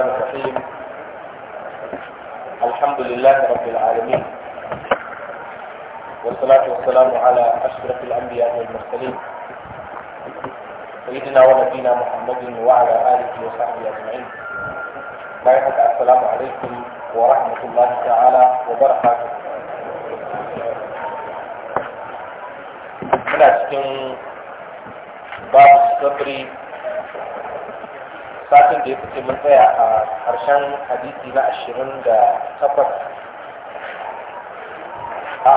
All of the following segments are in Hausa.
الرحمن الرحيم الحمد لله رب العالمين والصلاة والسلام على أشرف الأنبياء والمرسلين سيدنا ونبينا محمد وعلى آله وصحبه أجمعين بعد السلام عليكم ورحمة الله تعالى وبركاته من أجل باب الصبر satin da ya fice mun tsaya a ƙarshen hadisi na ashirin da takwas a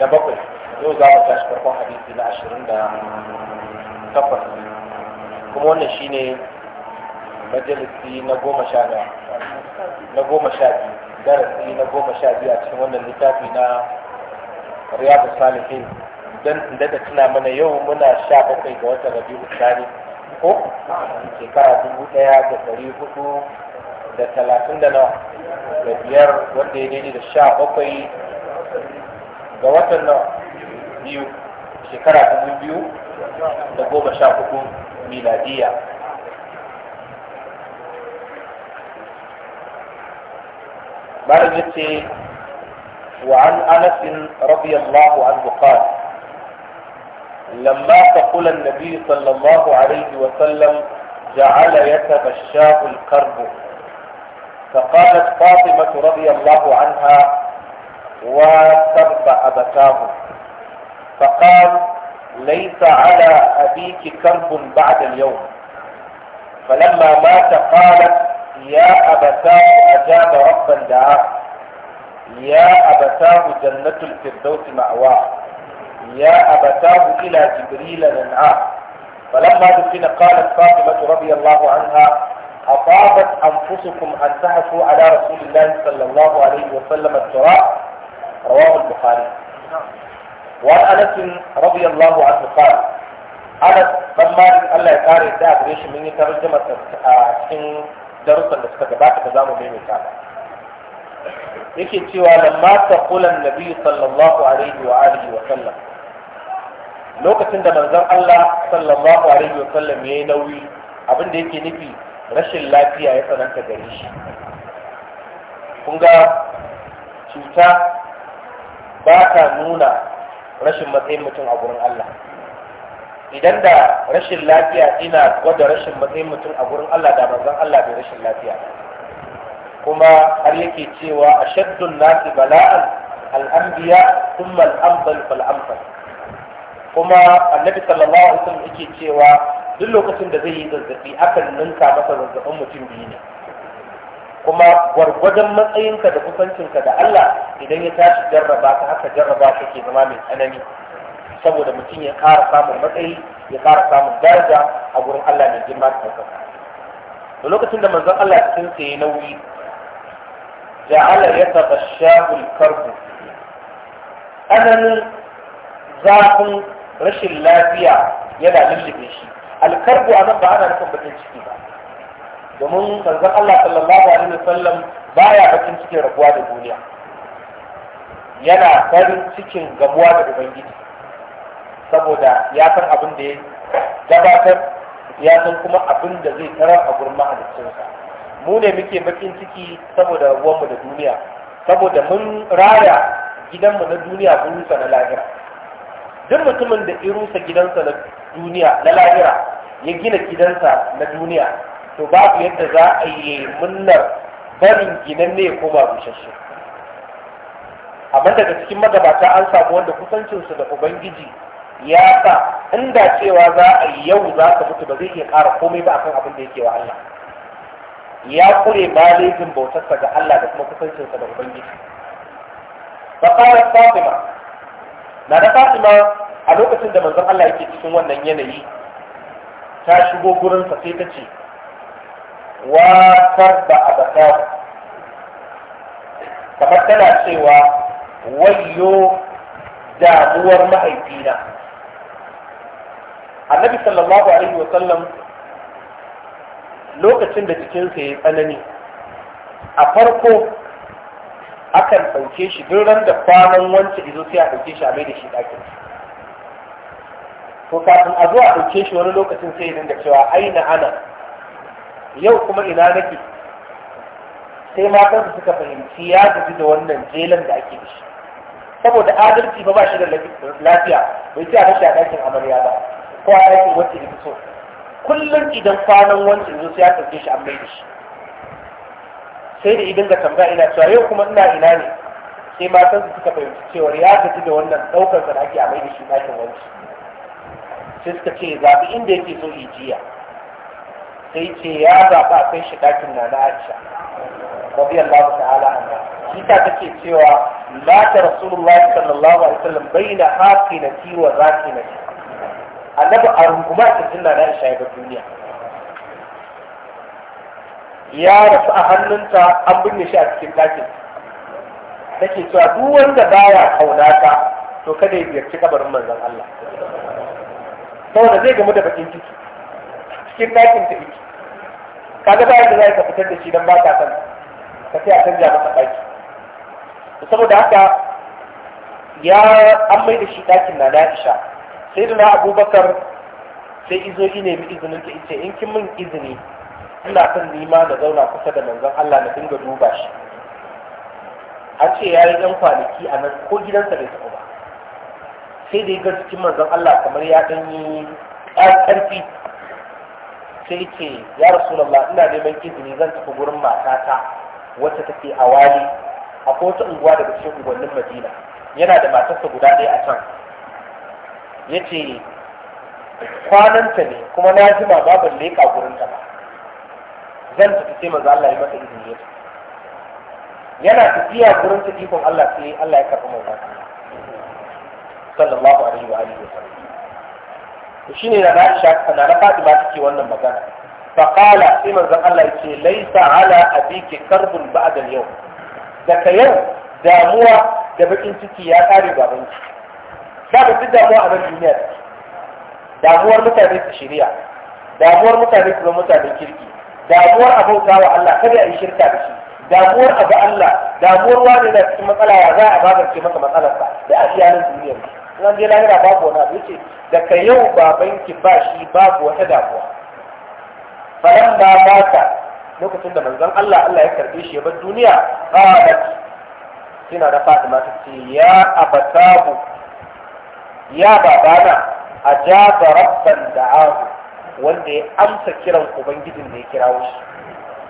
da bakwai yau za mu tashi farkon hadisi na ashirin da takwas kuma wannan ne majalisi na goma sha na goma sha biyu darasi na goma sha biyu a cikin wannan littafi na riyadu salihin dan da tuna mana yau muna sha bakwai ga watan rabi'u sani ko shekara dubu ɗaya da ɗari hudu da talatin da nawa da biyar wanda ya daidai da sha bakwai ga watan nawa biyu shekara dubu biyu da goma sha hudu miladiya وعن رضي الله عنه قال لما تقول النبي صلى الله عليه وسلم جعل يتبشاه الكرب فقالت فاطمة رضي الله عنها وترب أبتاه فقال ليس على أبيك كرب بعد اليوم فلما مات قالت يا أبتاه أجاب ربا دعاه يا أبتاه جنة الفردوس مأواه يا أبتاه إلى جبريل ننعاه فلما دفن قالت فاطمة رضي الله عنها أطابت أنفسكم أن تحفوا على رسول الله صلى الله عليه وسلم التراب رواه البخاري وعن أنس رضي الله عنه قال أنس بن مالك الله يقاري ده أدريش مني ترجمة cikin darussan da suka gabata الكعبة يكي maimaita yake تقول النبي صلى الله عليه وآله وسلم lokacin da manzon Allah sallallahu alaihi wasallam yayi nauyi abin da yake nufi rashin lafiya ya tsananta gare shi kun ga cuta ba ta nuna rashin matsayin mutum a gurin Allah idan da rashin lafiya ina gwada rashin matsayin mutum a gurin Allah da manzon Allah bai rashin lafiya kuma har yake cewa ashaddun nasi bala'an al-anbiya thumma al amsal fal amsal kuma annabi sallallahu alaihi wasallam yake cewa duk lokacin da zai yi zazzabi akan ninka masa zazzabin mutum biyu ne kuma gwargwadon matsayinka da kusancinka da Allah idan ya tashi jarraba ka haka jarraba ka ke zama mai tsanani saboda mutum ya ƙara samun matsayi ya ƙara samun daraja a gurin Allah mai girma da ɗaukaka da lokacin da manzon Allah cikin sa ya nauyi ja'ala yatabashshahu al-karbu tsananin zafin rashin lafiya yana lullube shi alkarbu a nan ba ana nufin bakin ciki ba domin manzon Allah sallallahu alaihi wasallam baya bakin cikin rabuwa da duniya yana farin cikin gamuwa da ubangiji saboda ya san abin da ya gabatar ya san kuma abin da zai tarar a gurin mahaliccinsa mu ne muke bakin ciki saboda rabuwanmu da duniya saboda mun raya gidanmu na duniya mun na lahira duk mutumin da irusa gidansa na duniya na lahira ya gina gidansa na duniya to babu yadda za a yi munnar barin ginan ne kuma ba bushashe amma daga cikin magabata an samu wanda kusancinsu da ubangiji ya sa inda cewa za a yi yau za ka mutu ba zai iya ƙara komai ba akan abin da yake wa Allah ya kure ma laifin bautarsa ga Allah da kuma kusancinsa da ubangiji fa qala fatima na da fatima a lokacin da manzon Allah yake cikin wannan yanayi ta shigo gurinsa sai ta ce wa tarba abata kamar tana cewa wayyo damuwar mahaifina annabi sallallahu alaihi wa sallam lokacin da jikinsa ya tsanani a farko akan ɗauke shi duk ran da kwanan wancan izo sai a ɗauke shi a mai da shi ɗakin to kafin a zo a ɗauke shi wani lokacin sai dinga cewa aina ana yau kuma ina nake sai matan su suka fahimci ya gaji da wannan jelan da ake da shi saboda adalci ba ba shi da lafiya bai ce a tashi a ɗakin amarya ba ko a ɗakin wacce fi so kullum idan kwanan wancan izo sai a ɗauke shi a mai da shi sai da idan ga tambaya ina cewa yau kuma ina ina ne sai matan su suka fahimci cewa ya gaji da wannan daukar sa ake amai da shi ɗakin wanci sai suka ce zaɓi inda yake so ijiya sai ce ya zaɓa a kai shi ɗakin na na aisha radiyallahu ta'ala anha shi ta take cewa la ta rasulullahi sallallahu alaihi wasallam baina haqinati wa zaqinati annabi a runguma ta jinna na aisha ya ga duniya ya rasu a hannunta an binne shi a cikin ɗakin nake cewa duk wanda baya kauna ka to kada ya ziyarci kabarin manzon Allah saboda zai gamu da bakin ciki cikin ɗakin ta iki kaga bayan da za ka fitar da shi don ba ka san ka sai a canja masa ɗaki saboda haka ya an mai da shi ɗakin na Aisha sai da abubakar sai izo ne nemi izinin ta ita in kin min izini ina son nima na zauna kusa da manzon Allah na dinga duba shi an ce ya yi ɗan kwanaki a nan ko gidansa bai taɓa ba sai da ga cikin manzon Allah kamar ya ɗan yi ƙarfi sai ce ya rasulallah ina neman izini zan tafi gurin matata wacce take a wali a wata unguwa daga cikin unguwannin madina yana da matarsa guda ɗaya a can ya ce kwananta ne kuma na jima babu leƙa gurinta ba dan ta fice maza Allah ya mata izini ya yana tafiya gurin ta ikon Allah sai Allah ya karɓi manzo sallallahu alaihi wa alihi wasallam to shine da Aisha na na Fatima take wannan magana fa qala sai manzo Allah yace laisa ala abiki karbun ba'da al-yawm daga yau damuwa da bakin ciki ya kare baban ki ba da duk damuwa a nan duniya damuwar mutane su shirya damuwar mutane su zama mutanen kirki damuwar abauta wa Allah kada a yi shirka da shi damuwar abu Allah damuwar wani da cikin matsala ya za a magance matsalar ka da a fiyanin duniyar nan dai lahira babu wani abu yace daga yau babanki ba shi babu wata damuwa falan ba mata lokacin da manzon Allah Allah ya karbe shi ya bar duniya qalat kina da Fatima ta ce ya abatabu ya babana ajaba rabban da'ahu wanda ya amsa kiran ubangijin da ya kira shi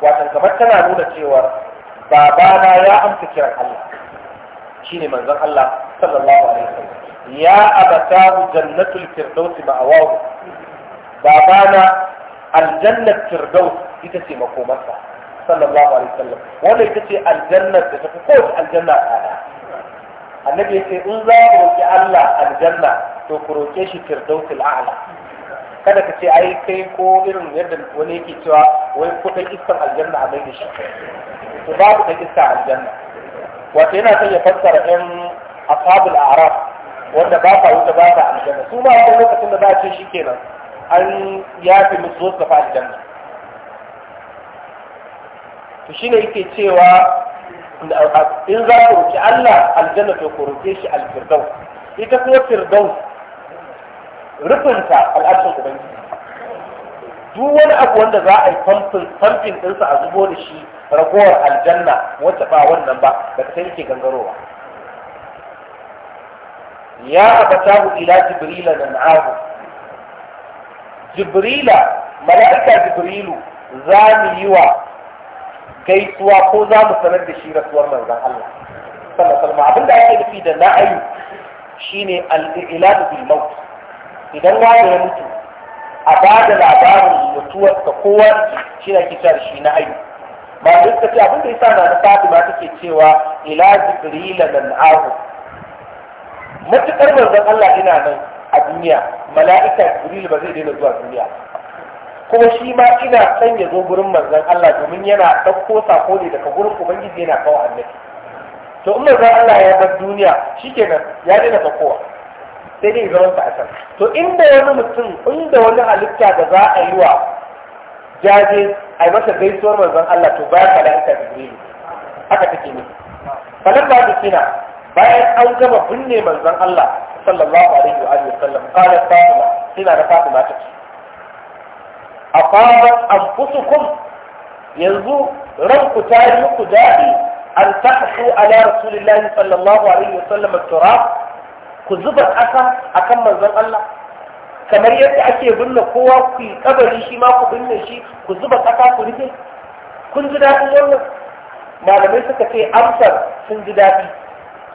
watan kamar tana nuna cewa babana ya amsa kiran Allah shine manzon Allah sallallahu alaihi wasallam ya abatahu jannatul firdaus ma'awahu babana aljannat firdaus ita ce makomarsa sallallahu alaihi wasallam wanda ita ce aljannat da tafi kowace aljanna a annabi ya ce in za ku roƙi Allah aljanna to ku roƙe shi firdausul a'la kada ka ce ai kai ko irin yadda wani yake cewa wai ko kai iskar aljanna a bayyana shi to babu da iska aljanna wato yana son ya fassara ɗan ashabul araf wanda ba sa wuta ba sa aljanna su ma a lokacin da za a ce shi kenan an yafe musu zo su fa aljanna to shine yake cewa in za ku roki Allah aljanna to ku roke shi alfirdaus ita kuma firdaus rufinta al'arshin ubangiji duk wani abu wanda za a yi famfin ɗinsa a zubo da shi ragowar aljanna wacce ba wannan ba daga sai yake gangarowa ya abatahu ila jibrila nan ahu jibrila mala'ika jibrilu za mu yi wa gaisuwa ko za mu sanar da shi rasuwar manzon Allah sallallahu alaihi wasallam abinda yake nufi da na'ayu shine al-iladu bil maut idan wani ya mutu a ba da labarin mutuwarsa kowa shi na kisa shi na ayu ba da suka ce abin da yasa na fadi fatima take cewa ila jibrila nan ahu Matuƙar manzon Allah ina nan a duniya mala'ika jibril ba zai daina zuwa duniya kuma shi ma ina san ya zo gurin manzon Allah domin yana ɗauko sako ne daga gurin ubangiji yana kawo annabi to in manzon Allah ya bar duniya shikenan ya daina sakowa sai dai zaman sa a can to inda wani mutum inda wani halitta da za a yi wa jaje a yi masa gaisuwar manzon Allah to baya mala'ika jibril haka take ne falan ba dukina bayan an gama binne manzon Allah sallallahu alaihi wa alihi sallam qala fatima sina da fatima ta ce afadat anfusukum yanzu ranku ta yi muku dadi an tahsu ala rasulillahi sallallahu alaihi sallam turab ku zuba ƙasa a kan manzan Allah kamar yadda ake binne kowa ku yi ƙabari shi ma ku binne shi ku zuba ƙasa ku rufe kun ji daɗin wannan malamai suka ce amsar sun ji daɗi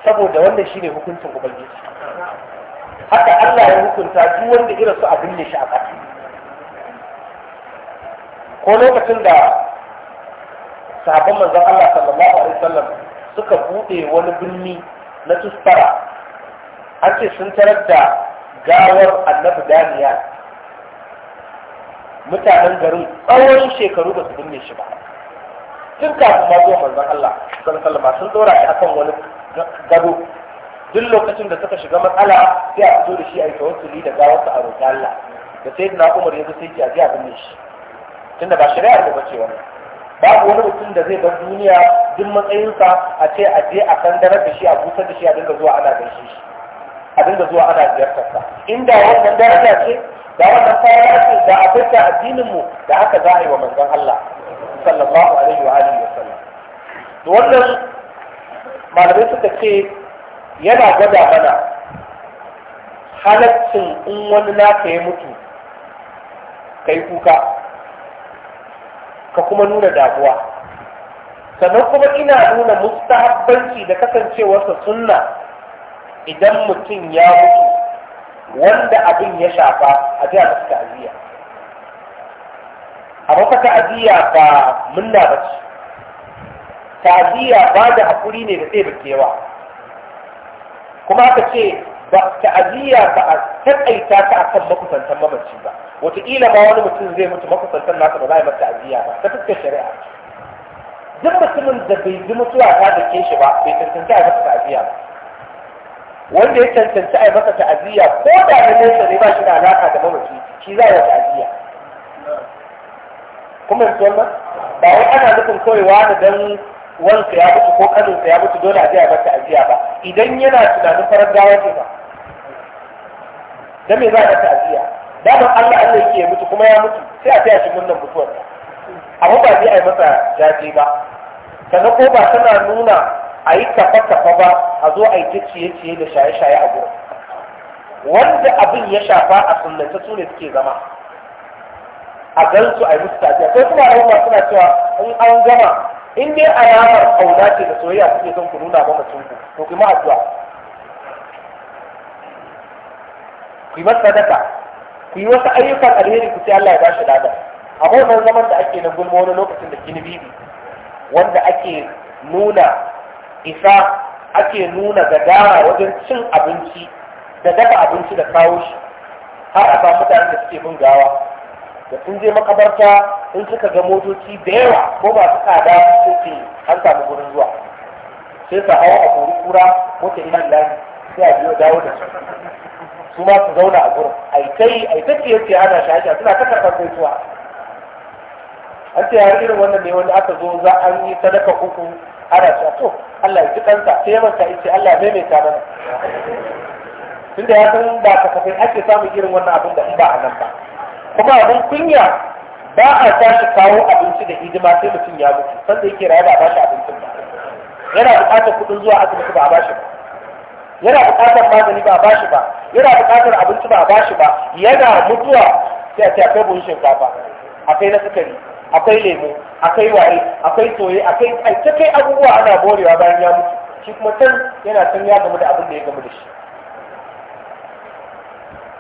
saboda wannan ne hukuncin ubangiji haka Allah ya hukunta duk wanda irin su a binne shi a ƙasa ko lokacin da sahabban manzan Allah sallallahu alaihi wasallam suka buɗe wani birni na tustara an ce sun tarar da gawar annabi daniyal mutanen garin tsawon shekaru ba su binne shi ba tun kafin ma zuwa manzon Allah sallallahu sun dora shi akan wani gado duk lokacin da suka shiga matsala sai a fito da shi a yi tawassuli da gawarsa a roƙi Allah da sai na Umar ya zo sai ya a binne shi tunda ba shari'a da bace wani babu wani mutum da zai bar duniya duk matsayinsa a ce a je a sandarar da shi a busar da shi a dinga zuwa ana gaishe shi a dinga zuwa ana ziyartar sa inda wannan daraja ce da wannan fara ce da abinda addinin mu da aka za a yi wa manzon Allah sallallahu alaihi wa alihi wasallam to wannan malamai suka ce yana gwada mana halaccin in wani naka ya mutu ka yi kuka ka kuma nuna damuwa sannan kuma ina nuna mustahabbanci da kasancewarsa sunna idan mutum ya mutu wanda abin ya shafa a jiya masu ta'aziyya a maka ta'aziyya ba munna ba ce ta'aziyya ba da haƙuri ne da zai kewa kuma aka ce ba ta'aziyya ba a taƙaita ta a kan makusantan mamaci ba wataƙila ma wani mutum zai mutu makusantan nasa ba za a masa ta'aziyya ba ta fuskar shari'a duk mutumin da bai ji mutuwa ta da ke shi ba bai tantance a ta ta'aziyya ba wanda ya cancanci a yi masa ta'aziyya ko da na nesa ne ba shi da alaka da mamaci shi za a yi ta'aziyya kuma yanzu wannan ba wai ana nufin kawai wani dan wansa ya mutu ko kaninsa ya mutu dole a je a masa ta'aziyya ba idan yana tunanin farar gawa ne ba dan me za a masa aziya daman Allah Allah yake ya mutu kuma ya mutu sai a taya shi murnar mutuwar amma ba zai a yi masa jaje ba sannan ko ba tana nuna a yi tafa-tafa ba a zo a yi ta ciye-ciye da shaye-shaye a gurin wanda abin ya shafa a sunnata su ne suke zama a gan su a yi musu tafiya sai kuma rahama suna cewa in an gama in dai alamar kauna ce da soyayya suke son ku nuna ba mutum ku to kuma addu'a ku yi masa sadaka ku yi wasu ayyukan alheri ku sai Allah ya bashi lada a wannan zaman da ake na gulma wani lokacin da gini bibi wanda ake nuna isa ake nuna gadara wajen cin abinci da dafa abinci da kawo shi har a samu mutane da suke bin gawa da sun je makabarta in suka ga motoci da yawa ko ba su kada su ce an samu gurin zuwa sai sa hawa a kori kura mota ina lani sai a biyo dawo da su su ma su zauna a gurin aikai aikaci yake ana shasha suna ta kai zuwa. an ce har irin wannan ne wanda aka zo za an yi sadaka uku ana cewa to Allah ya ji kansa sai manta ita Allah maimaita mana tunda ya san ba kafin ake samun irin wannan abin da in ba a nan ba kuma abin kunya ba a tashi kawo abinci da hidima sai mutum ya mutu da yake raye ba a abincin ba yana buƙatar kuɗin zuwa asibiti ba a bashi ba yana buƙatar magani ba a bashi ba yana buƙatar abinci ba a bashi ba yana mutuwa sai a ce akwai buhun shinkafa akwai na sukari akwai lemu akwai waye akwai soye akwai aita kai abubuwa ana borewa bayan ya mutu shi kuma can yana can ya gamu da abin da ya gamu da shi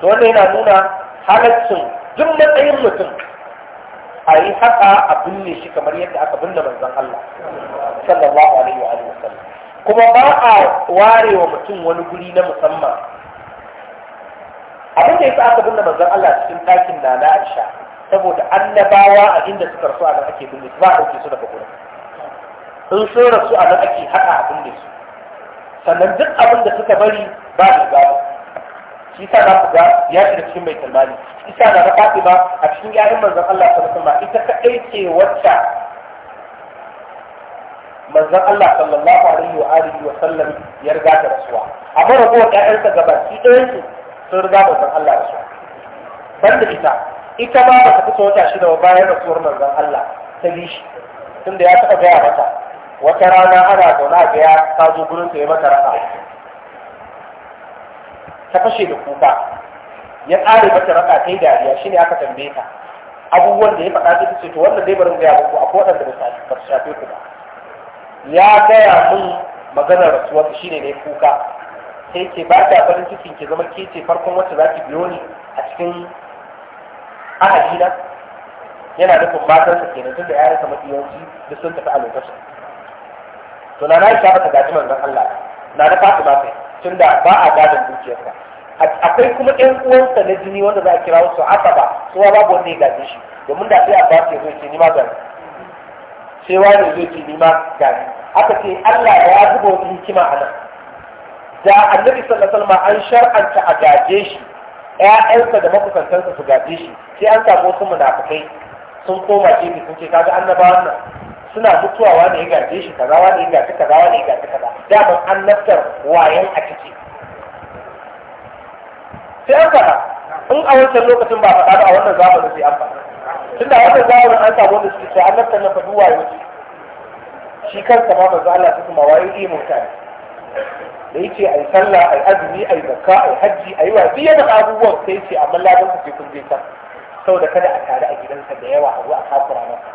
to wanda yana nuna halaccin duk matsayin mutum a yi haka a binne shi kamar yadda aka binne manzon Allah sallallahu alaihi wa alihi wasallam kuma ba a ware wa mutum wani guri na musamman abin da yasa aka binne manzon Allah cikin ɗakin na Aisha saboda annabawa a inda suka rasu a nan ake binne su ba a ɗauke su daga gurin sun sun rasu a nan ake haɗa a binne su sannan duk abin da suka bari ba da gaba shi sa za ku ga ya shiga cikin mai talmani isa na faɗi ba a cikin yarin manzan Allah sallallahu alaihi ita kaɗai ce wacce manzan Allah sallallahu alaihi wa alihi wa sallam ya riga ta rasuwa amma ragowar ƴaƴansa shi ɗayan su sun riga manzon Allah rasuwa da ita ita ma ba ta fito wata shida bayan rasuwar manzon Allah ta bi shi tunda ya taɓa gaya mata wata rana ana zaune a gaya ta zo gurin ta yi mata rafa. ta fashe da kuka ya tsare mata rasa ta yi dariya shine aka tambaye ta abubuwan da ya faɗa ta ce to wannan dai barin gaya muku akwai waɗanda ba su shafe ku ba ya gaya mun maganar rasuwar shi ne kuka sai ce ba ta farin cikin ki zama ke ce farkon wacce za ki biyo ni a cikin ahadi na yana nufin sa kenan tun da ya rasa mafi yawanci sun tafi a lokacin to na Aisha shafa ta gaji manzon Allah na na Fatima kai tun da ba a gadon dukiyarsa akwai kuma ɗan uwansa na jini wanda za a kira wasu asaba suwa babu wanda ya gaji shi domin da sai a ba su zai ce ni ma gani sai wani zai ce ni ma gani aka ce Allah ya zuba wani hikima a nan da annabi sallallahu alaihi wasallam an shar'anta a gaje shi ƴaƴansa da makusantansa su gaje shi sai an samu wasu munafukai sun koma jefi sun ce kaga annabawan nan suna mutuwa wani ya gaje shi kaza wani ya gaje kaza wani ya gaje kaza daman annabtar wayan a ciki sai an faɗa in a wancan lokacin ba faɗa ba a wannan zamani sai an faɗa tunda wannan zamanin an samu wanda suke cewa annabtar nan faɗi wayo shi kansa ma manzo Allah su kuma wayo iya mutane da yake ai sallah ai azumi ai zakka ai hajji ai wa duk yana abubuwan sai ce amma ladan ku sai kun je sau saboda kada a tare a gidansa da yawa a zo a kafura masa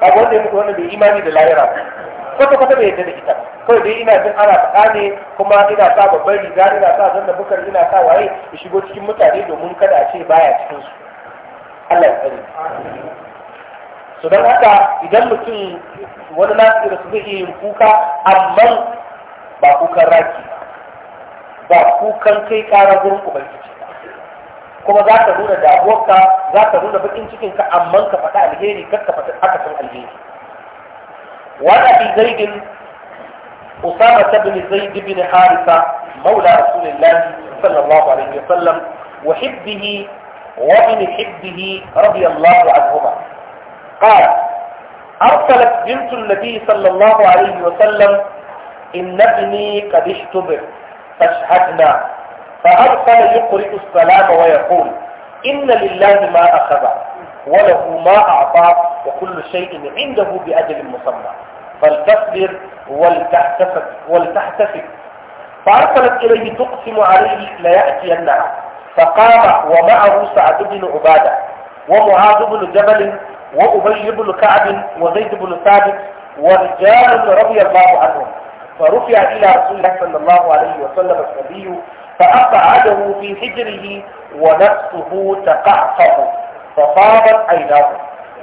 kaga wanda ya wanda bai imani da lahira kwata kwata bai yadda da ita kawai dai ina jin ana faɗa ne kuma ina sa babban riga ina sa zanna bukar ina sa waye ya shigo cikin mutane domin kada a ce baya cikin su Allah ya tsare su don haka idan mutum wani nasu da su zai yin kuka amma ba kukan raki ba kukan kai ƙara gurin ubangiji kuma za ka nuna damuwarka za ka nuna bakin cikinka amma ka faɗa alheri kar ka faɗi akasin alheri wani abi zaidin أسامة بن زيد بن حارثة مولى رسول الله صلى الله عليه وسلم وحبه وابن حبه رضي الله عنهما قال أرسلت بنت النبي صلى الله عليه وسلم إن ابني قد اشتبر فاشهدنا فأرسل يقرئ السلام ويقول إن لله ما أخذ وله ما أعطى وكل شيء عنده بأجل مسمى فلتصبر ولتحتسب ولتحتسب فأرسلت إليه تقسم عليه ليأتينها فقام ومعه سعد بن عبادة ومعاذ بن جبل وأبي بن كعب وزيد بن ثابت ورجال رضي الله عنهم فرفع إلى رسول الله صلى الله عليه وسلم النبي فأقعده في حجره ونفسه تقعقع فصابت عيناه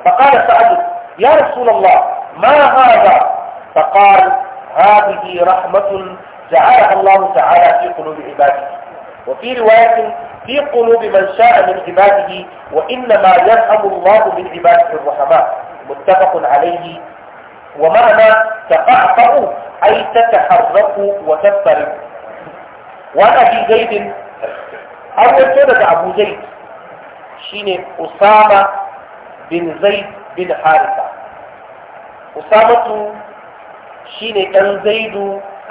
فقال سعد يا رسول الله ما هذا فقال هذه رحمة جعلها الله تعالى في قلوب عباده وفي رواية في قلوب من شاء من عباده وإنما يرحم الله من عباده الرحماء متفق عليه ومعنى تقعقع أي تتحركوا وتضطرب وأنا في زيد أول سورة أبو زيد شين أسامة بن زيد بن حارثة أسامة شين أن زيد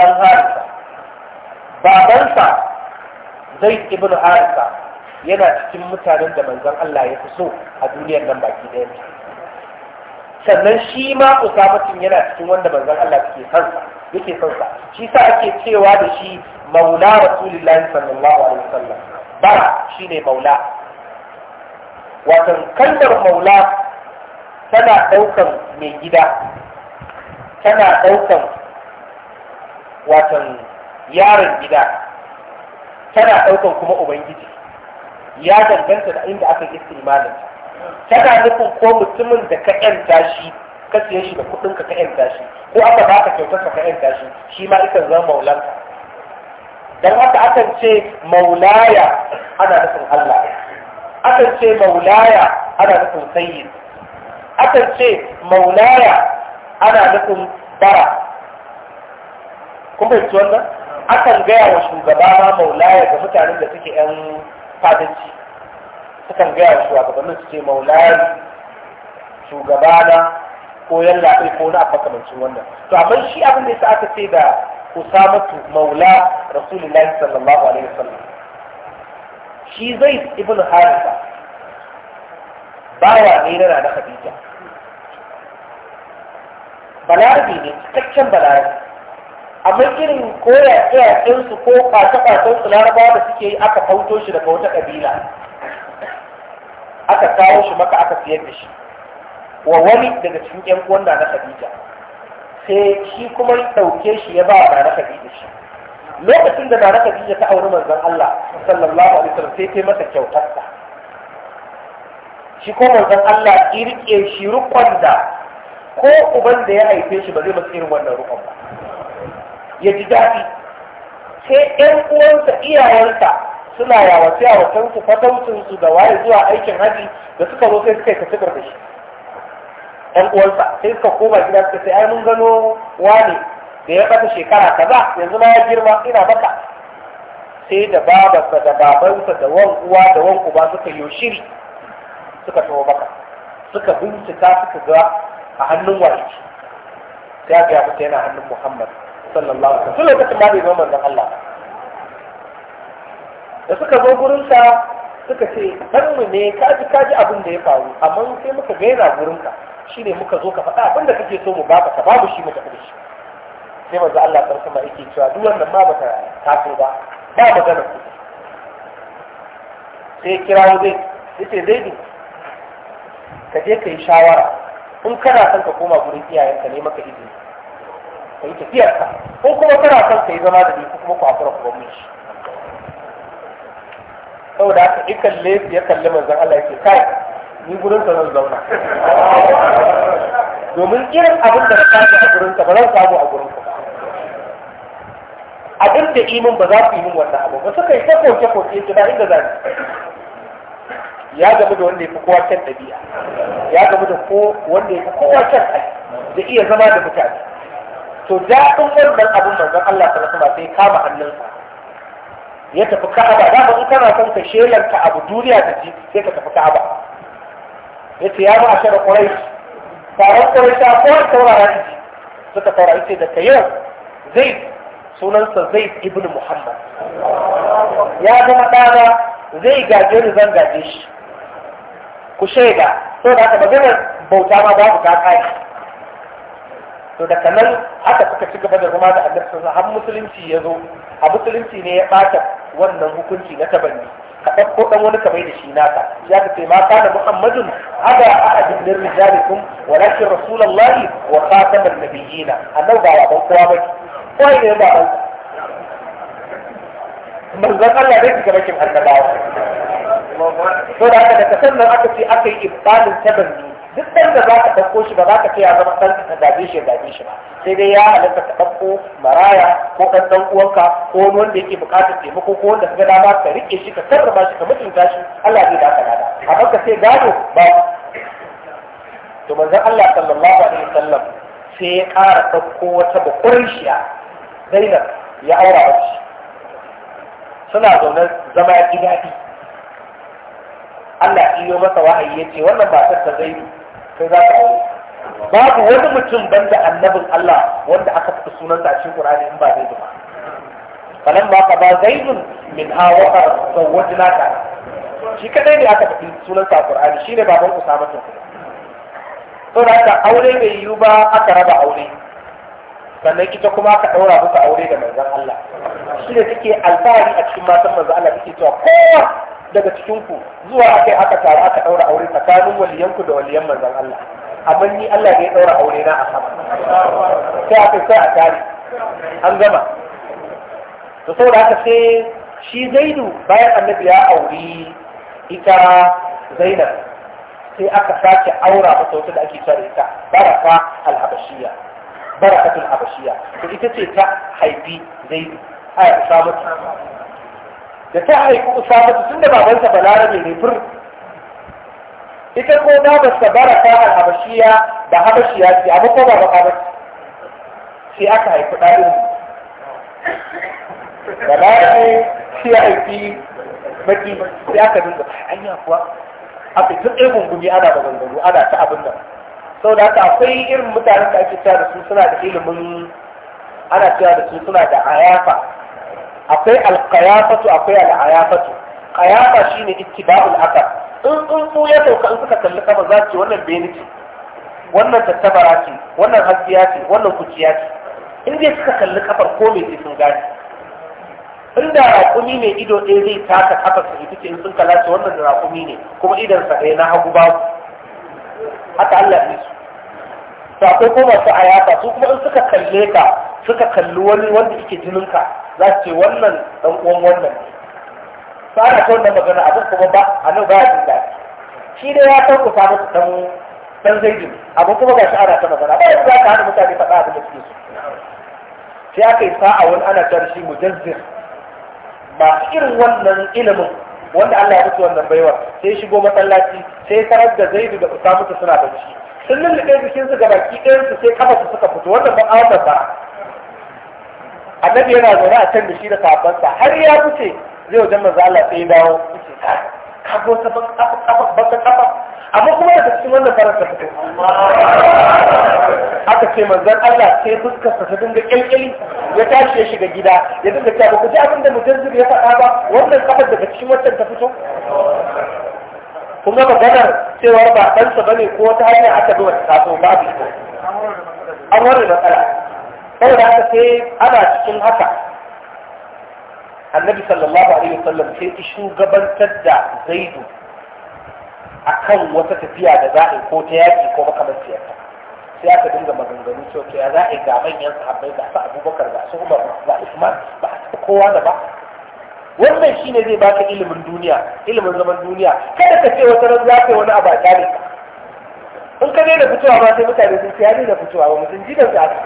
أن حارثة بابنسا زيد بن حارثة ينا تتم mutanen da manzon Allah ya fi so a sannan shi ma usamatin yana cikin wanda manzon Allah ke son yake sansa shi sa ake cewa da shi maula rasulullahi sallallahu alaihi wasallam shi shine maula watan kalmar maula tana daukan mai gida tana daukan watan yaron gida tana daukan kuma ubangiji ya danganta da inda aka yi istimalin tana nufin ko mutumin da ka ƴan shi ka siye shi da kuɗinka ka ƴan yanta shi ko aka baka kyautar ka ƴan yanta shi shi ma ita zama maulanka dan haka akan ce maulaya ana nufin Allah akan ce maulaya ana nufin sayyid akan ce maulaya ana nufin bara kuma yanzu wannan akan gaya wa shugaba ma maulaya ga mutanen da suke yan fadanci sukan gaya shugabannin su ce shugaba shugabana ko yalla kai ko na mancin wannan to amma shi abin da yasa aka ce da usamatu maula rasulullahi sallallahu alaihi wasallam shi zai ibn harisa bawa ne na da khadija balarabi ne cikakken balarabi amma irin koya tsayayensu ko kwace-kwacensu larabawa da suke yi aka fauto shi daga wata ƙabila. aka kawo shi maka aka siyar da shi wa wani daga cikin yan uwan na na Khadija sai shi kuma ɗauke shi ya ba na na Khadija shi lokacin da na na Khadija ta auri manzon Allah sallallahu alaihi wasallam sai ta masa kyautar ta shi ko manzon Allah irke shi rukun da ko uban da ya haife shi ba zai masa irin wannan rukun ba ya ji daɗi sai ƴan uwansa iyayensa suna yawace a su fataucin su da waye zuwa aikin haji da suka zo sai suka yi kasifar da shi ɗan uwansa sai suka koma gida suka sai ai mun gano wani da ya ɓata shekara kaza yanzu ma ya girma ina baka sai da babarsa da babansa da wan uwa da wan uba suka yi shiri suka tawo baka, suka bincika suka ga a hannun wani. sai gaya mutum yana hannun Muhammad sallallahu alaihi wasallam lokacin ma bai zama manzon Allah da suka zo gurinka suka ce kan mu ne ka ji abin da ya faru amma sai muka gaira gurinka shine muka zo ka faɗa abin da kake so mu baka ka babu shi mu tafi shi sai manzo Allah sarki ma yake cewa duk wannan ma ta taso ba ba magana sai kirawo zai yace zaidu ka je ka yi shawara in kana son ka koma gurin iyayenka ne maka izini ka yi tafiyarka ko kuma kana son ka yi zama da ni ko kuma ku hakura ku bar shi saboda haka yi kalle ya kalli manzon Allah yake kai ni gurin sa zan zauna domin irin abin da ka a gurin sa ba zan samu a gurin ka duk da imin ba za ku yi min wannan abu ba suka yi ta koke koke ki ba da za ya gamu da wanda ya fi kowa kyan ɗabi'a ya gamu da ko wanda ya fi kowa kyan ai da iya zama da mutane to kun wannan abin manzon Allah sallallahu alaihi wasallam sai kama hannunsa ya tafi ka'aba da in kana son ka shelanta abu duniya da ji sai ka tafi ka'aba ya ce ya mu a shara ƙwarai taron ƙwarai ta kowar saurara ji suka saurari ce daga yau zai sunansa zai ibn muhammad ya zama ɗana zai gaje ni zan gaje shi ku shaida so da haka maganar bauta ma babu ta ƙari to daga nan haka suka ci gaba da zama da annabi sallallahu har musulunci ya zo a musulunci ne ya bata wannan hukunci na tabanni ka ɗauko ɗan wani kamar da shi naka ya ka kai ma da muhammadun hada ajin min rijalikum walakin rasulullahi wa khataman nabiyina annabi ba baban kowa ba kai ne ba baban manzon Allah dai kika bakin annabawa to da haka da kasan aka ce aka yi ibbalin tabanni duk ɗan da za ka ɗauko shi ba za ka ce ya zama ɗan ka gaje shi ya gaje shi ba sai dai ya halatta ka ɗauko maraya ko ɗan ɗan uwanka ko wanda yake buƙatar taimako ko wanda ka ga dama ka riƙe shi ka karrama shi ka mutunta shi Allah zai baka lada amma ka sai gado ba to manzon Allah sallallahu alaihi wasallam sai ya ƙara ɗauko wata bakurishiya Zainab ya aura shi. suna zaune zama ya daɗi Allah iyo masa wahayi ya ce wannan ba ta zaidu Sai za ka aure babu wani mutum banda annabin Allah wanda aka fi sunansa a cikin Qur'ani in ba zai ba falan ba ka ba zaidun min ha wa ka zawwajna ka shi kadai ne aka fi sunansa a Qur'ani shine baban Usama tun to da ka aure bai yiwu ba aka raba aure sannan ita kuma aka ɗaura musu aure da manzon Allah shi ne take alfahari a cikin matan manzon Allah take cewa kowa daga cikinku zuwa aka aka taru aka ɗaura aure tsakanin ku da waliyan manzon Allah amma ni Allah ne ya ɗaura aure na a sama sai aka sai a tare an gama to saboda haka sai shi zaidu bayan annabi ya auri ita zainab sai aka sake aura masa wata da ake cewa ta baraka al-habashiyya barakatul habashiyya to ita ce ta haifi zaidu a ya samu da ta haifi usama tun da babansa balarabe ne fur ita ko bara ta al-habashiya da habashiya ce abu ko ba ba bace sai aka haifi ɗarin balarabe sai ya haifi baki sai aka dinga anya kuwa a fitin ɗin gungumi ana maganganu ana ta abin nan sau da haka akwai irin mutanen da ake cewa da su suna da ilimin ana cewa da su suna da ayafa akwai alkayafatu akwai al'ayafatu kayafa shine ittiba'ul akal in su ya sauka in suka kalli sama za ce wannan bene wannan tattabara ce wannan haskiya ce wannan kuciya ce in dai suka kalli kafar ko me sai sun gane da raƙumi ne ido ɗaya zai taka kafa su ita ce in sun kalla ce wannan raƙumi ne kuma idan sa ɗaya na hagu babu haka Allah ne su to akwai ko masu ayata su kuma in suka kalle ka suka kalli wani wanda yake jinin ka za su ce wannan dan uwan wannan ne ba ana ta wannan magana abin kuma ba a nan ba ya jin daɗi shi dai ya san ta samu su dan san zaidi abin kuma ga shi ana ta magana ba yanzu za ka hana mutane faɗa abin da suke so sai aka yi sa'a wani ana tar shi mujazzir masu irin wannan ilimin wanda Allah ya mutu wannan baiwa sai shigo masallaci sai tarar da zaidu da usamu suna bacci sun lullube jikinsu ga baki ɗayansu sai kafa su suka fito wannan ba a wannan ba annabi yana zaune a can da shi da sabansa har ya wuce zai wajen manzo zaala sai ya dawo yace ka ga wata baka kafa amma kuma da cikin wannan farar ta fito aka ce manzon Allah sai fuskarsa ta dinga kyalkyali ya tashi ya shiga gida ya dinga cewa ba ku ji abin da zuri ya faɗa ba wannan kafar daga cikin wancan ta fito kun ga maganar cewar ba ɗansa bane ko wata hanya aka bi wata taso babu an wani matsala saboda haka sai ana cikin haka annabi sallallahu alaihi wasallam sai ki shugabantar da zaidu a kan wata tafiya da za a ko ta yaki ko makamanciyarta sai aka dinga maganganu cewa to ya za a yi ga manyan sahabbai ga su abubakar ga su umar ga usman ba a kowa da ba wannan shine zai baka ilimin duniya ilimin zaman duniya kada ka ce wata ran za ka yi wani abu a ka da fitowa ba sai mutane sun ya da fitowa ba mutum jidan su aka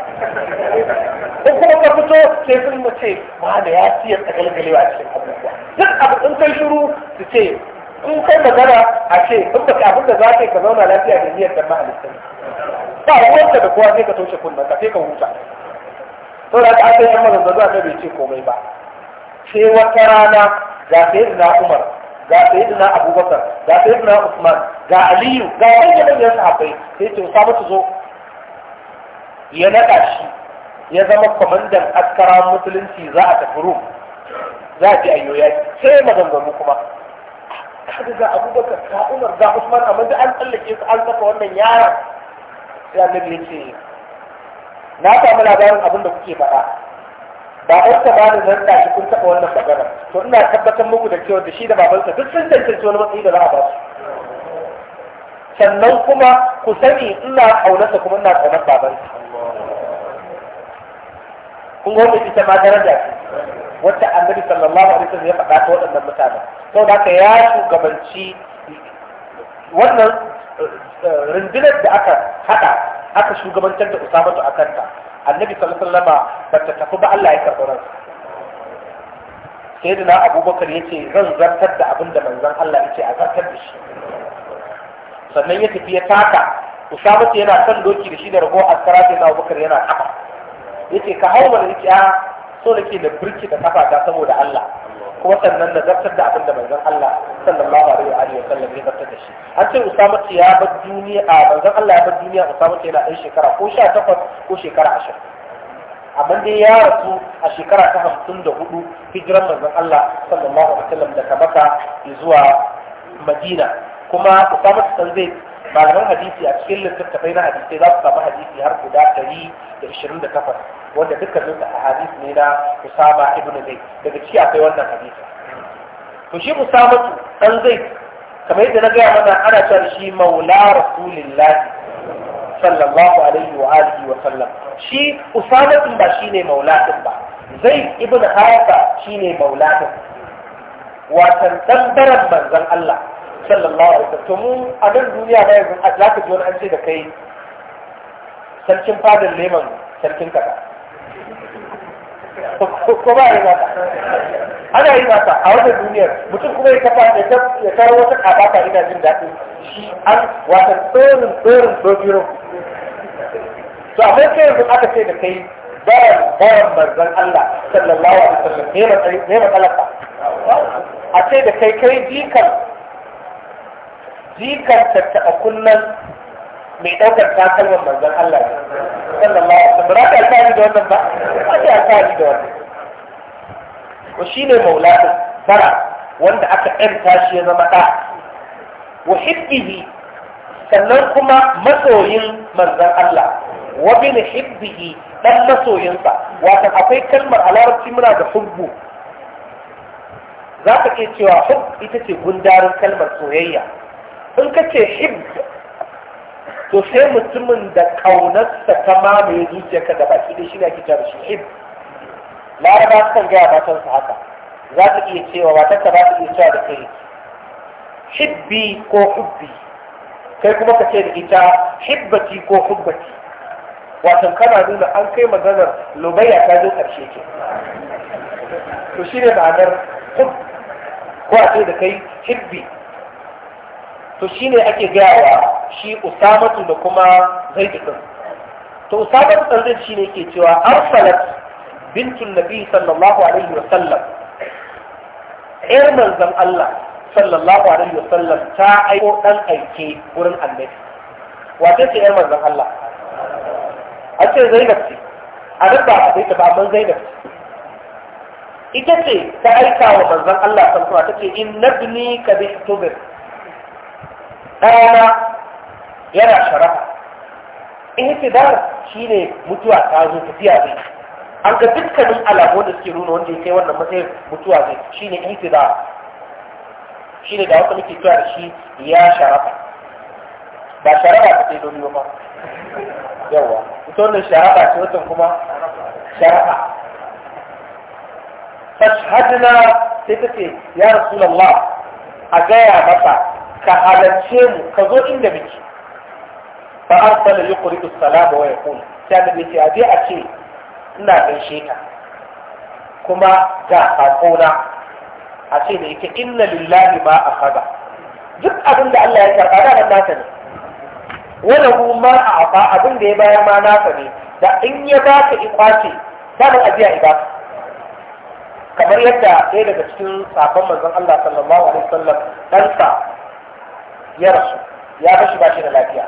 in kuma ka fito sai sun mu ce ma da ya fiye ba a cikin abubuwa duk abu in kai shiru su ce in kai magana a ce in ba abin da za ka yi ka zauna lafiya da niyyar da mahalittin ba wanda da kowa sai ka toshe kunna ka sai ka huta to da aka yi amma zuwa ta bai ce komai ba sai wata rana ga sai na umar ga sayyidina abubakar ga sayyidina usman ga aliyu ga manyan manyan sahabbai sai ce usama ta zo ya naɗa shi ya zama kwamandan askara musulunci za a tafi rum za a ji ayo ya sai maganganu kuma kaga ga abubakar ga umar ga usman amma da an tsallake su an saka wannan yaron sai annabi ya ce na samu labarin abin da kuke faɗa ba an ta da nan da kun taɓa wannan magana to ina tabbatar muku da cewa da shi da babansa duk sun tantance wani matsayi da za a ba su sannan kuma ku sani ina ƙaunarsa kuma ina ƙaunar babansa kun ga wani ita ma daraja ce wacce annabi sallallahu alaihi wasallam ya faɗa ta waɗannan mutanen sau da ka ya shugabanci wannan eh, eh, rundunar da aka haɗa aka shugabantar da usamatu a kanta annabi sallallahu alaihi ba ta tafi ba Allah ya karɓi ransa sai da na abubakar ya ce zan zartar da abin da manzon Allah ya ce a zartar da shi sannan ya tafi ya taka usamatu yana kan doki da shi da rago askara da na abubakar yana kafa ya ce ka hau mana ya ah, so nake da birki da kafa ta saboda Allah waɗannan da zartar da abin da manzon Allah sallallahu alaihi wa alihi sallam ya zartar da shi an ce Usama ya bar duniya manzon Allah ya bar duniya Usama yana ɗan shekara ko 18 ko shekara 20 amma dai ya rasu a shekara ta hamsin da hudu hijiran manzon Allah sallallahu alaihi wa sallam daga Makka zuwa Madina kuma Usama san zai malaman hadisi a cikin littattafai na hadisai za su samu hadisi har guda ɗari da ishirin da takwas wanda dukkanin a hadisi ne na Usama ibn Zaid daga ciki akwai wannan hadisi to shi tu dan zai, kamar yadda na gaya mana ana cewa shi maula rasulillahi sallallahu alaihi wa alihi wa sallam shi Usama ba shine maula din ba zai ibn Haritha shine maula din watan dan daren manzon Allah sallallahu alaihi wasallam to mu a nan duniya yanzu ji wani an ce da kai sarkin fadin leman sarkin ko ba ana yi a wannan duniyar mutum kuma ya kafa ya tara wata kabata ina jin daɗi shi an wata tsorin tsorin to amma yanzu aka ce da kai bayan bayan manzon Allah sallallahu alaihi wasallam ne a ce da kai kai jikan jikar tattaɓa kullum mai ɗaukar takalmar manzon Allah ne sallallahu alaihi wasallam ba ta tsari da wannan ba ba ta tsari da wannan ko shi ne maulatin bara wanda aka ƴanta shi ya zama ɗa wa hibbihi sannan kuma masoyin manzon Allah wa bin hibbihi dan masoyinsa wato akwai kalmar a larabci muna da hubbu za ka iya cewa hub ita ce gundarin kalmar soyayya in ka ce hib to sai mutumin da ƙaunarsa ta mamaye zuciyarka da baki da shi ne ake cewa shi hib laraba kan gaya matansa haka za ta iya cewa matarka za ta iya cewa da kai hibbi ko hubbi kai kuma ka ce da ita hibbati ko hubbati watan kana nuna an kai maganar lubayya ta zo karshe ke to shi ne ma'anar hub ko a ce da kai hibbi to shine ake gaya wa shi usamatu da kuma zaidu to usamatu dan shi ne ke cewa arsalat bintun nabi sallallahu alaihi wa sallam ƴar manzan Allah sallallahu alaihi wa sallam ta aiko ɗan aike wurin annabi wace ce ƴar manzan Allah An ce zainab ce a nan ba a ta ba amma zainab ce ita ce ta aika wa manzon Allah sallallahu alaihi wa sallam ta ce inna ibni ka bi tubir ɗana yana sharafa shi ne mutuwa ta zo tafiya zai an ga dukkanin alamu da suke nuna wanda ya kai wannan matsayin mutuwa zai shine shi ne da wata muke cewa da shi ya sharafa ba sharafa ta dai domin ba yawa ita wannan sharafa ce wata kuma sharafa fashadina sai ta ce ya lallah a gaya masa ka halarce mu ka zo inda muke yi kuri yuqridu salama wa yaqul sai da ce a je a ce ina gaishe ta kuma ga haƙona a ce da yake inna lillahi ma a haɗa. duk abin da Allah ya karɓa da nasa ne Wani hu a a'ta abin da ya bayar ma nasa ne da in ya baka ikwace sabon ajiya ibaka kamar yadda ɗaya daga cikin sabon manzon Allah sallallahu alaihi wasallam ɗansa ya rasu ya rasu ba shi da lafiya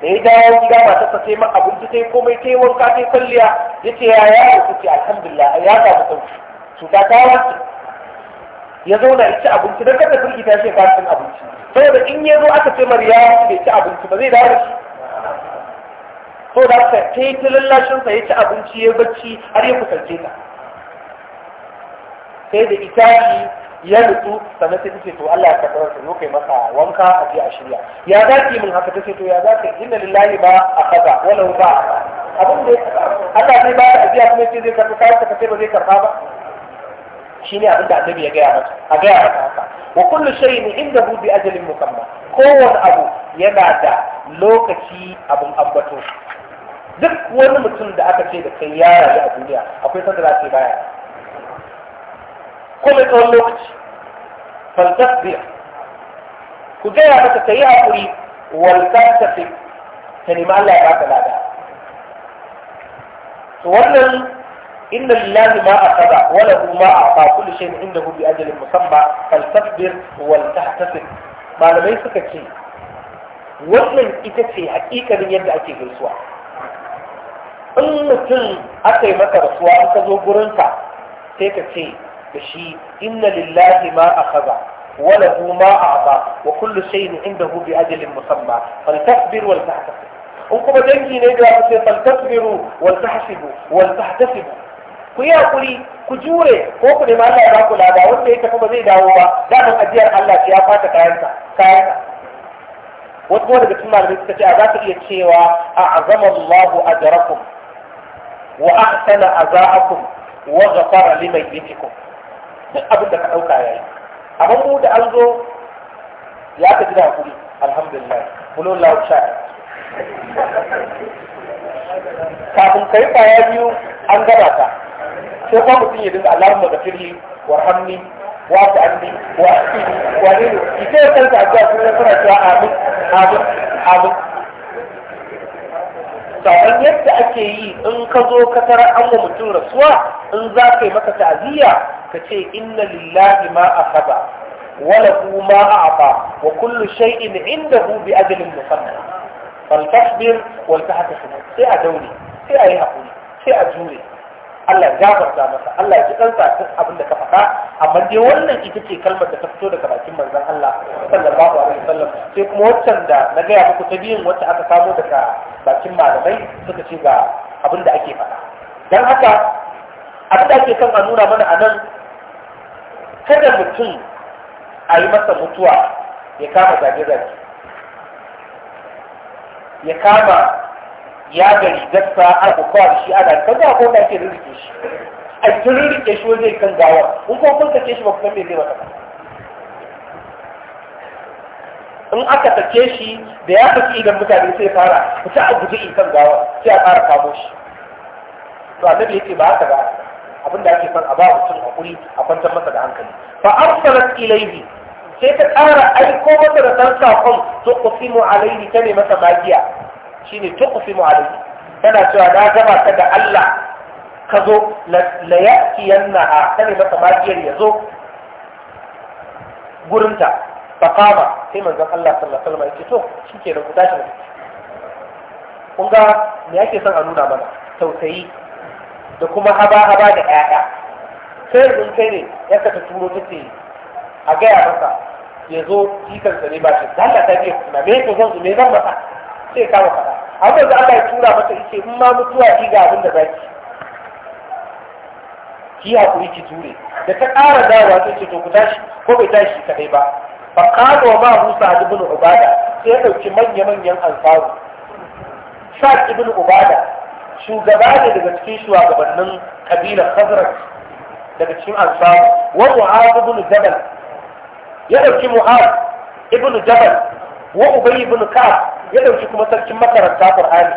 da ya dawo gida matar ta sai ma abinci sai komai sai wanka sai kwalliya yace ya ya rasu ce alhamdulillah ya samu sauki cuta ta warke ya zauna ya ci abinci don kada firgita shi ya cin abinci saboda in ya zo aka ce mariya bai ci abinci ba zai dawo da shi so da ka ta yi ta lallashinsa ya ci abinci ya bacci har ya kusance ta sai da itaci ya nutsu sannan sai tace to Allah ya karɓar sa zo kai masa wanka a je a shirya ya za ki min haka tace to ya za ka inna lillahi ba a kaza walau ba abin da Allah zai ba da ajiya kuma ce zai karɓi kayan ka sai ba zai karɓa ba shi ne abin da annabi ya gaya masa a gaya masa haka wa kullu shay'in indahu bi ajalin musamma kowane abu yana da lokaci abin ambato duk wani mutum da aka ce da kai ya rayu a duniya akwai sanda za ka yi baya komai tsawon lokaci faltasbir ku gaya mata ta yi haƙuri wal tafi ta nemi Allah ya baka lada to wannan inna lillahi ma akada wa lahu ma aqa kullu shay'in indahu bi ajalin musamma faltasbir wal tahtasib malamai suka ce wannan ita ce hakikanin yadda ake gaisuwa in mutum aka yi masa rasuwa in ka zo gurinka sai ka ce da shi inna lillahi ma akhadha wa lahu ma a'ta wa kullu shay'in indahu bi ajalin musamma tasbir wal tahtasib in kuma dangi ne da sai tasbiru wal tahsibu wal tahtasibu ku yi hakuri ku jure ko ku nemi Allah ya ba ku lada wanda ya tafi ba zai dawo ba daman ajiyar Allah ce ya fata kayansa kayansa wasu kuma daga cikin malamai suka ce a za ka iya cewa a azama Allahu ajrakum wa ahsana azaakum wa ghafara limayyitikum duk abin da ka ɗauka ya yi amma mu da an zo ya ka ji da hakuri alhamdulillah bulon lausha kafin ka yi kwaya biyu an gaba ta, sai kuma mutum ya dinga alamma da firhi warhamni wasu anni wa asiri wa ne ne ita ya kanta a zuwa kuma suna cewa amin amin amin sabon yadda ake yi in ka zo ka tarar an wa mutum rasuwa in za ka yi maka ta'aziyya ka ce inna lillahi ma akhadha wa lahu ma a'ta wa kullu shay'in indahu bi ajalin musamman. fal tasbir wal tahtasib sai a daure sai a yi hakuri sai a jure Allah ya gafarta masa Allah ya ji kansa duk abin da ka faɗa amma dai wannan ita ce kalmar da ta fito daga bakin manzon Allah sallallahu alaihi wasallam sai kuma waccan da na gaya muku ta biyun wacce aka samo daga bakin malamai suka ce ga abin da ake faɗa dan haka abin da ake kan a nuna mana a nan kada mutum a yi masa mutuwa ya kama zage-zage ya kama ya gari gasa a kuka da shi ana kan za a ke rirrike shi a kirin rike shi wajen kan gawa in kuma kun sake shi ba kuma mai zai masa in aka sake shi da ya saki idan mutane sai fara fita a guji in kan gawa sai a fara kamo shi to annabi yake ba haka ba abin da ake son a ba mutum hakuri a kwantar masa da hankali fa arsalat ilayhi sai ta tsara aiko masa da san sakon tuqsimu alayhi ta ne masa magiya shine tuqsimu alayhi tana cewa na gaba ka da Allah ka zo la ya'tiyanna a ne masa magiyar ya zo gurinta faqama sai manzon Allah sallallahu alaihi wasallam yake ce to da ku tashi kun ga me yake son a nuna mana tausayi da kuma haba-haba da ƴaƴa sai mun kai ne ya ka turo ta ce a gaya masa ya zo jikansa ne ba shi da Allah ta biya na me ka zan zo me zan masa sai kama faɗa abin da Allah ya tura mata yake in ma mutuwa ki ga abin da za ki haƙuri ki ture da ta ƙara dawowa sai ce to ku tashi ko bai tashi kaɗai ba fa qalo ma Musa ibn Ubada sai ya ɗauki manya-manyan ansaru Sa'ad ibn Ubada shugaba ne daga cikin shugabannin kabilar khazraj daga cikin ansaru wa mu'az ibn jabal ya dauki mu'az ibn jabal wa ubay ibn ka'ab ya dauki kuma sarkin makaranta qur'ani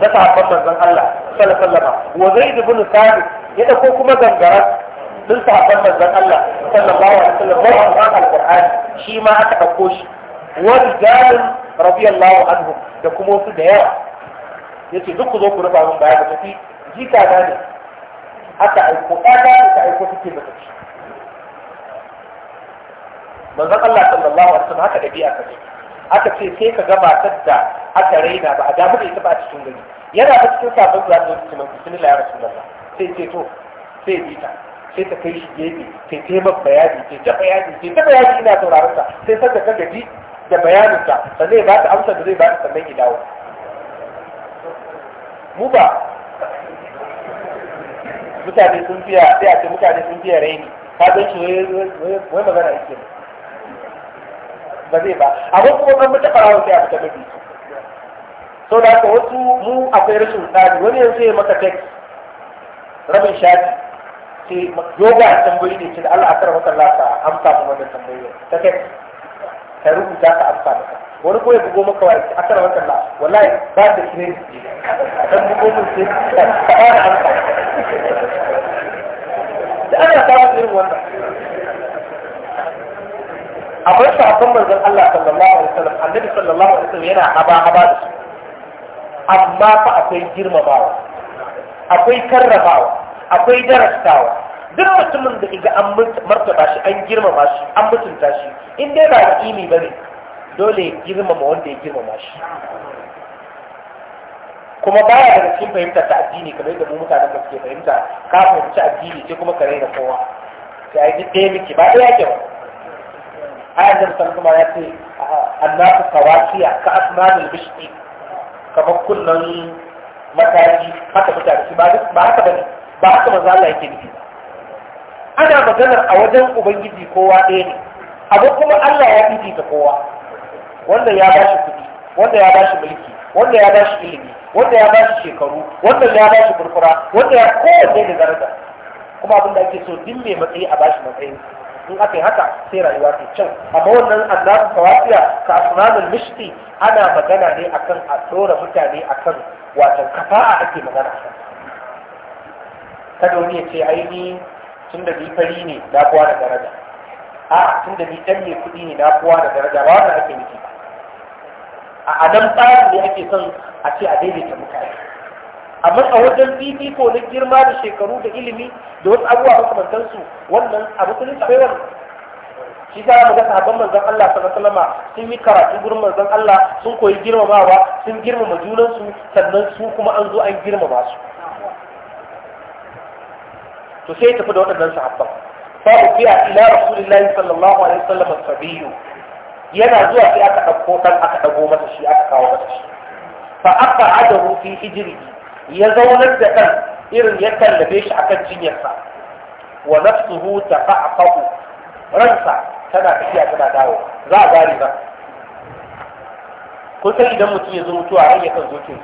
na sahabban manzon Allah sallallahu alaihi wasallam wa zaid ibn sabit ya dauko kuma gangara din sahabban manzon Allah sallallahu alaihi wasallam wa mu'az al-qur'ani shi ma aka dauko shi wa rijalun radiyallahu anhum da kuma wasu da yawa ya ce duk ku zo ku rufa min baya ba tafi jika na ne aka aiko ɗaga ta aiko suke ba tafi manzon Allah sallallahu alaihi wasallam haka ɗabi'a ka ce. aka ce sai ka gama ta da aka raina ba a damu da ita ba a cikin gari yana ta cikin sabon zuwa da cikin bismillah ya rasulullah sai ce to sai bi ta sai ta kai shi gefe sai ta maka bayani sai ta bayani sai ta bayani ina sauraron sa sai sanda ka gaji da bayanin ta sannan ya ba ta amsa da zai ba ta sannan ya dawo mu ba mutane sun fiya sai a ce mutane sun fiya raini ka zai shi wai magana yake ba zai ba abin kuma wani mutu farawa sai a fita mafi sau da haka wasu mu akwai rashin tsari wani yanzu ya maka tek rabin shafi sai yoga tambayi ne ce da Allah a wata lafa an samu wannan tambayi ta tek ka rubuta ka amsa da wani ko ya bugo maka wa a kan wata ba wallahi ba da shi ne dan bugo mun sai ka fara amsa da ana fara irin wannan akwai sahabban manzon Allah sallallahu alaihi wasallam annabi sallallahu alaihi wasallam yana haba haba da su amma fa akwai girmamawa akwai karrabawa akwai darastawa duk mutumin da iga an martaba shi an girmama shi an mutunta shi in dai ba imi ba ne dole ya girmama wanda ya girmama shi kuma baya daga cikin fahimta ta addini kamar yadda mu mutanen da suke fahimta ka fahimci addini sai kuma ka raina kowa sai ai duk ɗaya miki ba ɗaya ke ba a yanzu sanar kuma ya ce annasu kawakiya ka asmanul bishki kamar kunnan mataki haka mutane ba haka ba ne ba haka maza Allah yake nufi ba ana maganar a wajen ubangiji kowa ɗaya ne abu kuma Allah ya fiji ta kowa wanda ya ba shi kuɗi wanda ya ba shi mulki wanda ya ba shi ilimi wanda ya ba shi shekaru wanda ya ba shi kurkura wanda ya kowanne da daraja kuma abin da ake so din mai matsayi a ba shi matsayi. in aka yi haka sai rayuwa ke can amma wannan annabi tawafiya ka asmanul mishti ana magana ne akan a tsora mutane akan wato a ake magana kan kada wani ya ce ainihin tun da fari ne na kowa da daraja a tun da ɗan ne kuɗi ne na kowa da daraja ba wanda ake nufi a adam tsarin ne ake son a ce a daidaita mutane amma a wajen fifiko na girma da shekaru da ilimi da wasu abubuwa makamantansu wannan abu sun akwai shi za mu ga sahabban manzon Allah sallallahu alaihi sun yi karatu gurin manzon Allah sun koyi girmamawa sun girmama junansu sannan su kuma an zo an girmama su to sai tafi da waɗannan sahabban fa ukiya ila rasulillahi sallallahu alaihi wasallam sabiyu yana zuwa sai aka ɗauko ɗan aka ɗago masa shi aka kawo masa shi fa aka adahu fi hijri ya zaunar da ɗan irin ya tallabe shi akan jinyarsa wa nafsuhu tafa'aqu ransa tana tafiya tana dawo za a gari ba kun san idan mutum ya zo mutuwa ran ya kan zo kin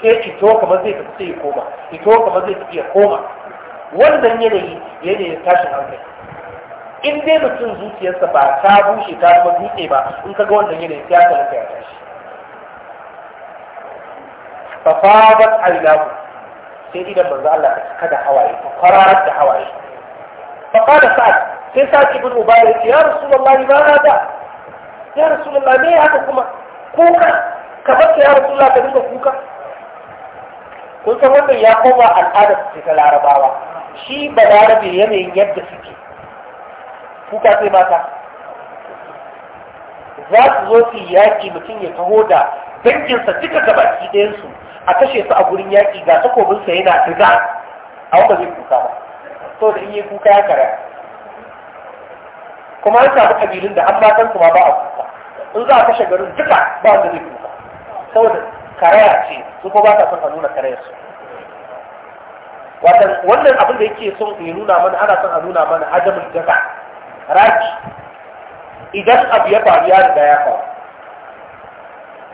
sai ito kamar zai tafi sai ya koma ito kamar zai tafi ya koma wannan yanayi yanayi tashin hankali in dai mutum zuciyarsa ba ta bushe ta kuma dutse ba in ka ga wannan yanayi ya kalanta ya tashi fa fadat aynahu sai idan manzo Allah ta cika da hawaye ta kwararar da hawaye fa qala sa'ad sai sa'ad ibn ubayy ya rasulullahi ma hada ya rasulullahi me haka kuma kuka kamar ya rasulullahi ka dinga kuka kun san wannan ya koma al'adar ce ta larabawa shi balarabe yanayin yadda suke kuka sai mata za su zo su yaƙi mutum ya taho da danginsa duka gabaki ɗayansu a kashe su a gurin yaƙi ga sa yana tiga a wanda zai kuka ba so da in yi kuka ya kara kuma an samu kabilun da an matan kuma ba a kuka in za a kashe garin duka ba wanda zai kuka saboda karaya ce su ko ba ta son a nuna karayarsu wannan wannan abin da yake son ya nuna mana ana son a nuna mana adamin daga raji idan abu ya faru ya riga ya faru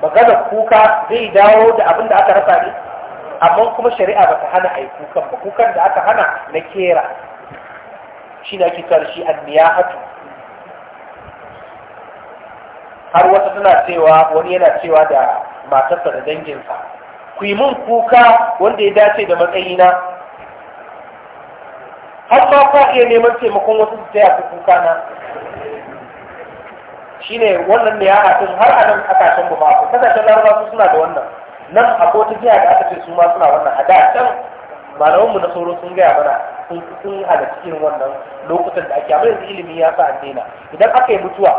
magana kuka zai dawo da abin da aka rasa ne amma kuma shari'a ba ta hana a yi kukan ba kukan da aka hana na kera shi na ake cewa shi anniyahatu har wata tana cewa wani yana cewa da matarsa da danginsa ku yi mun kuka wanda ya dace da matsayina har ma ka iya neman taimakon wasu su taya su kuka na shine wannan ne ya haɗu har a nan kasashen mu ba kasashen larabawa su suna da wannan nan a kotu jiya da aka ce su ma suna wannan a da can malamanmu na sauro sun gaya mana sun sun halarci irin wannan lokutan da ake amma yanzu ilimi ya sa an daina idan aka yi mutuwa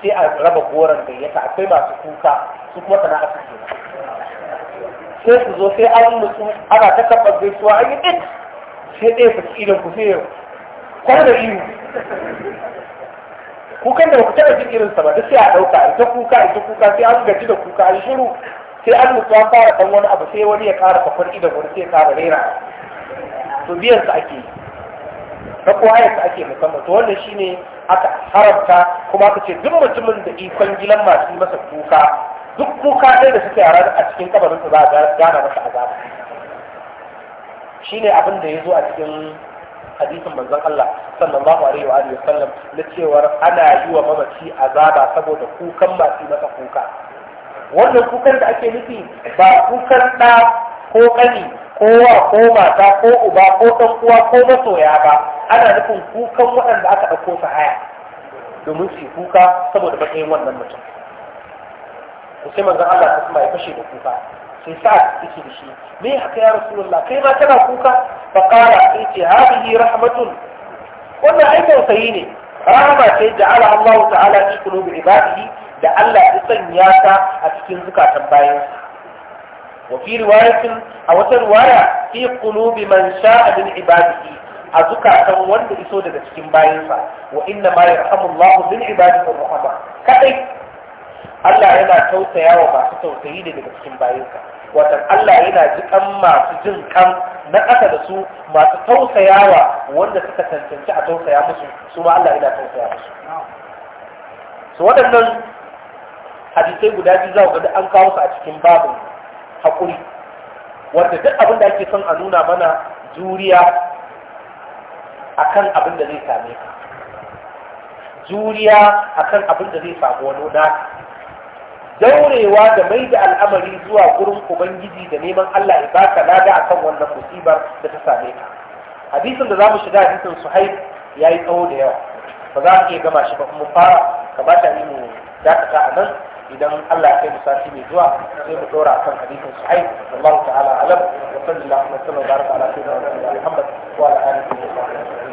sai a raba goron gayyata akwai masu kuka su kuma sana'a su ke sai su zo sai an mutu ana ta kaɓar gaisuwa an yi ɗin sai ɗaya saki idan ku sai kwana da ihu kukan da ku taɓa jin sa ba duk sai a ɗauka ita kuka ita kuka sai an gaji da kuka an shiru sai an mutu an fara ɗan wani abu sai wani ya ƙara kafar idan wani sai ya ƙara rera to biyan sa ake na kwayan sa ake musamman to wannan shine aka haramta kuma aka ce duk mutumin da ikon gilan masu masa kuka duk kuka ɗaya da suke a ranar a cikin kabarin su za a gana masa azaba shine abin da ya zo a cikin hadisin manzon Allah sallallahu alaihi wa alihi wasallam na cewar ana yi wa mamaci azaba saboda kukan masu masa kuka wannan kukan da ake nufi ba kukan ɗa ko ƙani ko wa ko mata ko uba ko ɗan uwa ko masoya ba ana nufin kukan waɗanda aka ɗauko su haya domin su kuka saboda matsayin wannan mutum sai manzon Allah ta kuma ya fashe da kuka sa'ad yake da shi me haka ya rasulullah kai ma tana kuka fa qala sai ce hadihi rahmatun wannan ai tausayi ne rahama ce da ala Allah ta'ala fi qulubi ibadihi da Allah ya sanya ta a cikin zukatan bayansa wa fi riwayatin a wata riwaya fi qulubi man sha'a min ibadihi a zukatan wanda iso daga cikin bayansa wa inna ma yarhamu Allah bil ibadi rahama kadai Allah yana tausaya wa masu tausayi ne daga cikin bayansa watan Allah yana jikan masu jin kan na ƙasa da su masu tausayawa wanda suka tantance a tausaya musu su ma Allah yana tausaya musu su waɗannan hadisai guda biyu za ku ga an kawo su a cikin babin haƙuri wanda duk abin da ake son a nuna mana juriya akan abin da zai same ka juriya akan abin da zai samu wani naka daurewa da mai da al'amari zuwa gurin ubangiji da neman Allah ya baka lada akan wannan musibar da ta same ka hadisin da za mu shiga hadisin suhaib yayi tsawo da yawa ba za mu iya gama shi ba kuma fara kamata ni mu dakata a nan idan Allah ya kai mu sati mai zuwa sai mu dora akan hadisin suhaib sallallahu ta'ala alam wa sallallahu alaihi wa sallam baraka ala sayyidina Muhammad wa ala alihi wa sahbihi